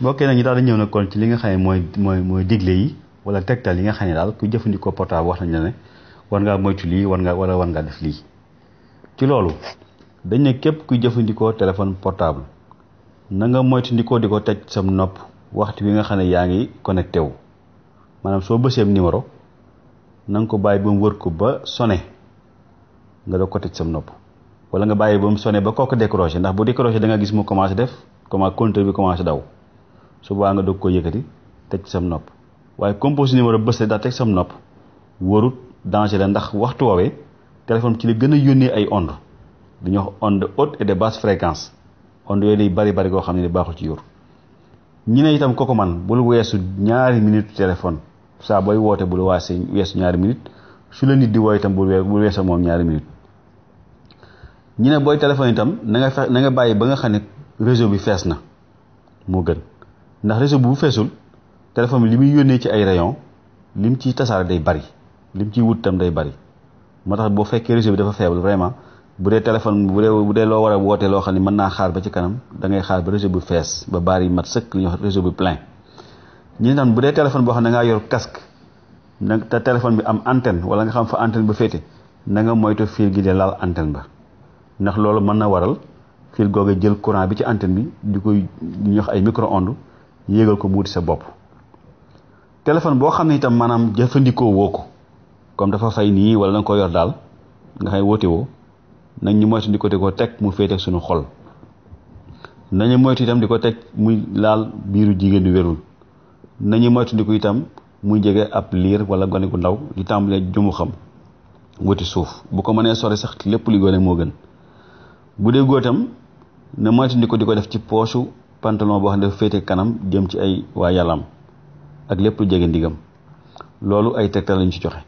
mbokk yi nag ñu daal di ñëw nag kon ci li nga xam ne mooy mooy mooy digle yi wala tegtal yi nga xam ne daal ku jëfandikoo portable wax nañ la ne war ngaa moytu lii war ngaa wala war ngaa def lii ci loolu dañ ne képp kuy jëfandikoo téléphone portable na nga moytandikoo di ko teg sam nopp waxtu bi nga xam ne yaa ngi connecté wu maanaam soo bëseem numéro na nga ko bàyyi ba mu wër ko ba sone nga doo ko teg sam nopp wala nga bàyyi ba mu sone ba kooku décroché ndax bu décroché da gis mu commencé def comment compteur bi commencé daw su boobaa nga dog ko yëkkati teg ci sam nopp waaye composé numéro bés la daa teg sam nopp warut danger la ndax waxtu woowee téléphone ci li gën a yónnee ay onde dañuy wax onde haute et de basse fréquence onde yooyu day bari bari koo xam ne ni baaxul ci yóor ñi ne itam kooku man bul weesu ñaari minute téléphone saa booy woote bul waa weesu ñaari minute su la nit di woo itam bul wee bul weesu moom ñaari minute ñi ne booy téléphone itam na na nga bàyyi ba nga xam ne réseau bi fees na moo gën ndax réseau bi bu feesul téléphone bi li muy yónnee ci ay rayon lim ciy tasaare day bari lim ciy wut tam day bari moo tax boo fekkee réseau bi dafa faible vraiment bu dee téléphone bu dee bu dee loo war a wootee loo xam ne mën naa xaar ba ci kanam da ngay xaar ba réseau bu fees ba baar yi mat sëkk li ñuy wax réseau bi plein ñu ne naan bu dee téléphone boo xam ne ngaa yor casque nag te téléphone bi am antenne wala nga xam fa antenne ba féete nanga nga moytu fil gi de laal antenne ba ndax loolu mën na waral fil googu jël courant bi ci antenne bi di koy ñuy ay micro yéegal ko buuti sa bopp téléphone boo xam ne itam maanaam jëfandikoo woo ko comme dafa fay nii wala da ko yor daal nga xam ne woote nañ ñu moytu di di ko teg mu féete suñu xol nañu moytu itam di ko teg muy laal biiru jigéen di wérul nañu moytu di itam muy jege ab liir wala gone gu ndaw di tàmbalee jumu xam wuti suuf bu ko mënee sori sax lépp li gone moo gën bu dee góor itam moytu di di ko def ci poosu pantalon boo xam ne dafa féete kanam jëm ci ay waa yàllaam ak lépp lu jege ndigam loolu ay tegtal lañu ci joxe.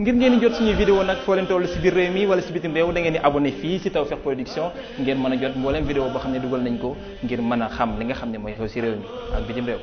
ngir ngeen di jot suñuy vidéo nag foo leen toll si biir réew mi wala si bitim réew da ngeen di abonné fii si Tawfekh Production ngeen mën a jot mbooleem vidéo boo xam ne dugal nañ ko ngir mën a xam li nga xam ne mooy xew si réew mi ak bitim réew.